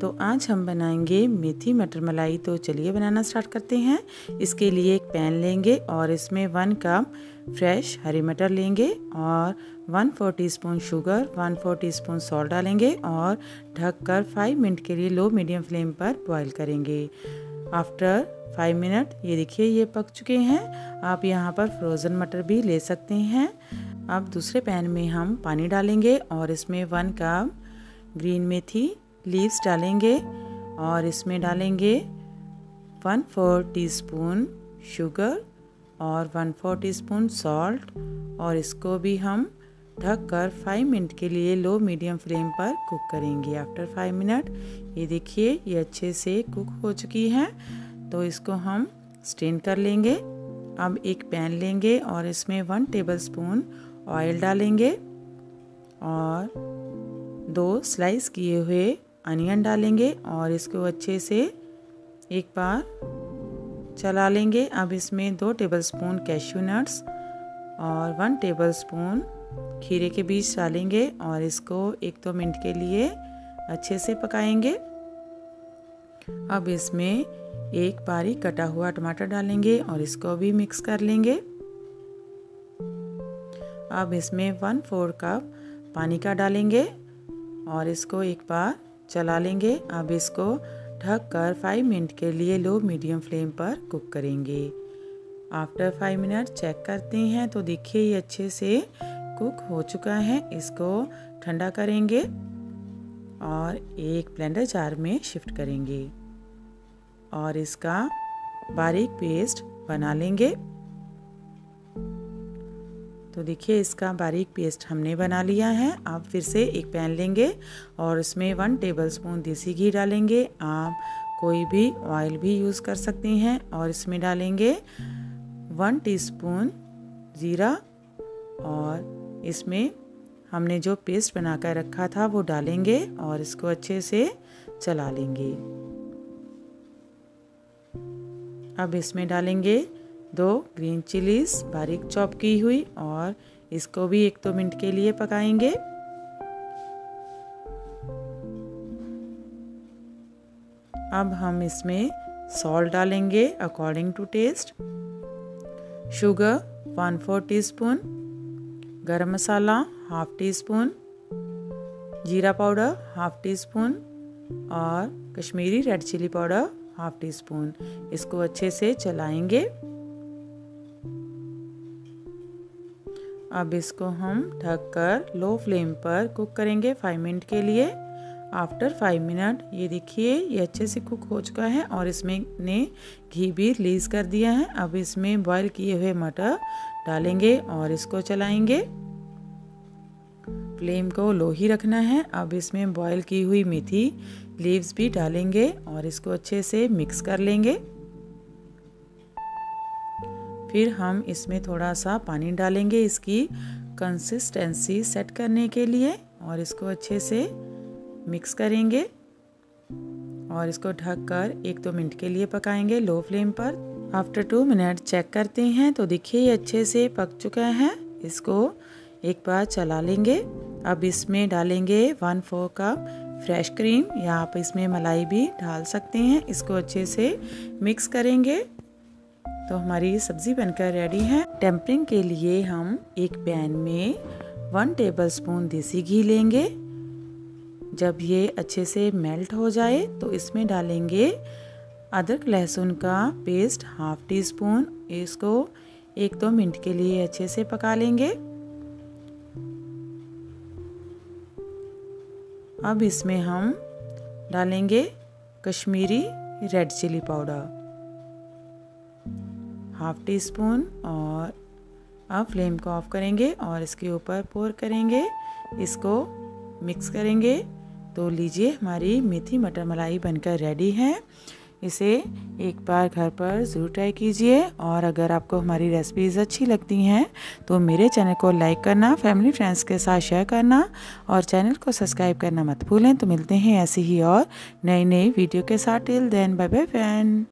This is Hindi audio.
तो आज हम बनाएंगे मेथी मटर मलाई तो चलिए बनाना स्टार्ट करते हैं इसके लिए एक पैन लेंगे और इसमें वन कप फ्रेश हरी मटर लेंगे और one four teaspoon sugar one four teaspoon salt डालेंगे और ढककर फाइव मिनट के लिए लो मीडियम फ्लेम पर बॉईल करेंगे आफ्टर फाइव मिनट ये देखिए ये पक चुके हैं आप यहाँ पर फ्रोज़न मटर भी ले सकते हैं अब दूसरे पैन में हम पानी डालेंगे और इसमें वन कप ग्रीन मेथी लीव्स डालेंगे और इसमें डालेंगे वन फोर टीस्पून शुगर और वन फोर टीस्पून सॉल्ट और इसको भी हम ढक कर फाइव मिनट के लिए लो मीडियम फ्लेम पर कुक करेंगे आफ्टर फाइव मिनट ये देखिए ये अच्छे से कुक हो चुकी है तो इसको हम स्टेन कर लेंगे अब एक पैन लेंगे और इसमें वन टेबल स्पून ऑयल डालेंगे और दो स्लाइस किए हुए अनियन डालेंगे और इसको अच्छे से एक बार चला लेंगे अब इसमें दो टेबलस्पून कैश्यू नट्स और वन टेबलस्पून खीरे के बीज डालेंगे और इसको एक दो तो मिनट के लिए अच्छे से पकाएंगे अब इसमें एक बारी कटा हुआ टमाटर डालेंगे और इसको भी मिक्स कर लेंगे अब इसमें वन फोर कप पानी का डालेंगे और इसको एक बार चला लेंगे अब इसको ढक कर फाइव मिनट के लिए लो मीडियम फ्लेम पर कुक करेंगे आफ्टर फाइव मिनट चेक करते हैं तो देखिए ये अच्छे से कुक हो चुका है इसको ठंडा करेंगे और एक ब्लेंडर जार में शिफ्ट करेंगे और इसका बारीक पेस्ट बना लेंगे तो देखिए इसका बारीक पेस्ट हमने बना लिया है आप फिर से एक पैन लेंगे और इसमें वन टेबल स्पून देसी घी डालेंगे आप कोई भी ऑयल भी यूज़ कर सकते हैं और इसमें डालेंगे वन टीस्पून ज़ीरा और इसमें हमने जो पेस्ट बना कर रखा था वो डालेंगे और इसको अच्छे से चला लेंगे अब इसमें डालेंगे दो ग्रीन चिलीज बारीक चॉप की हुई और इसको भी एक दो तो मिनट के लिए पकाएंगे अब हम इसमें सॉल्ट डालेंगे according to taste sugar one four teaspoon गरम मसाला हाफ टी स्पून जीरा पाउडर हाफ टी स्पून और Kashmiri red chilli powder half teaspoon इसको अच्छे से चलाएंगे अब इसको हम ढक कर लो फ्लेम पर कुक करेंगे फाइव मिनट के लिए आफ्टर फाइव मिनट ये देखिए ये अच्छे से कुक हो चुका है और इसमें ने घी भी रिलीज़ कर दिया है अब इसमें बॉयल किए हुए मटर डालेंगे और इसको चलाएंगे फ्लेम को लो ही रखना है अब इसमें बॉयल की हुई मेथी लीव्स भी डालेंगे और इसको अच्छे से मिक्स कर लेंगे फिर हम इसमें थोड़ा सा पानी डालेंगे इसकी कंसिस्टेंसी सेट करने के लिए और इसको अच्छे से मिक्स करेंगे और इसको ढक कर एक दो तो मिनट के लिए पकाएंगे लो फ्लेम पर आफ्टर टू मिनट चेक करते हैं तो देखिए ये अच्छे से पक चुका है इसको एक बार चला लेंगे अब इसमें डालेंगे one four cup fresh cream या आप इसमें मलाई भी डाल सकते हैं इसको अच्छे से मिक्स करेंगे तो हमारी सब्ज़ी बनकर रेडी है टेम्परिंग के लिए हम एक पैन में वन टेबल स्पून देसी घी लेंगे जब ये अच्छे से मेल्ट हो जाए तो इसमें डालेंगे अदरक लहसुन का पेस्ट हाफ टी स्पून इसको एक दो मिनट के लिए अच्छे से पका लेंगे अब इसमें हम डालेंगे Kashmiri red chilli powder half teaspoon और अब फ्लेम को ऑफ करेंगे और इसके ऊपर पोर करेंगे इसको मिक्स करेंगे तो लीजिए हमारी मेथी मटर मलाई बनकर रेडी है इसे एक बार घर पर ज़रूर ट्राई कीजिए और अगर आपको हमारी रेसिपीज़ अच्छी लगती हैं तो मेरे चैनल को लाइक करना फैमिली फ्रेंड्स के साथ शेयर करना और चैनल को सब्सक्राइब करना मत भूलें तो मिलते हैं ऐसे ही और नई नई वीडियो के साथ till then bye bye friend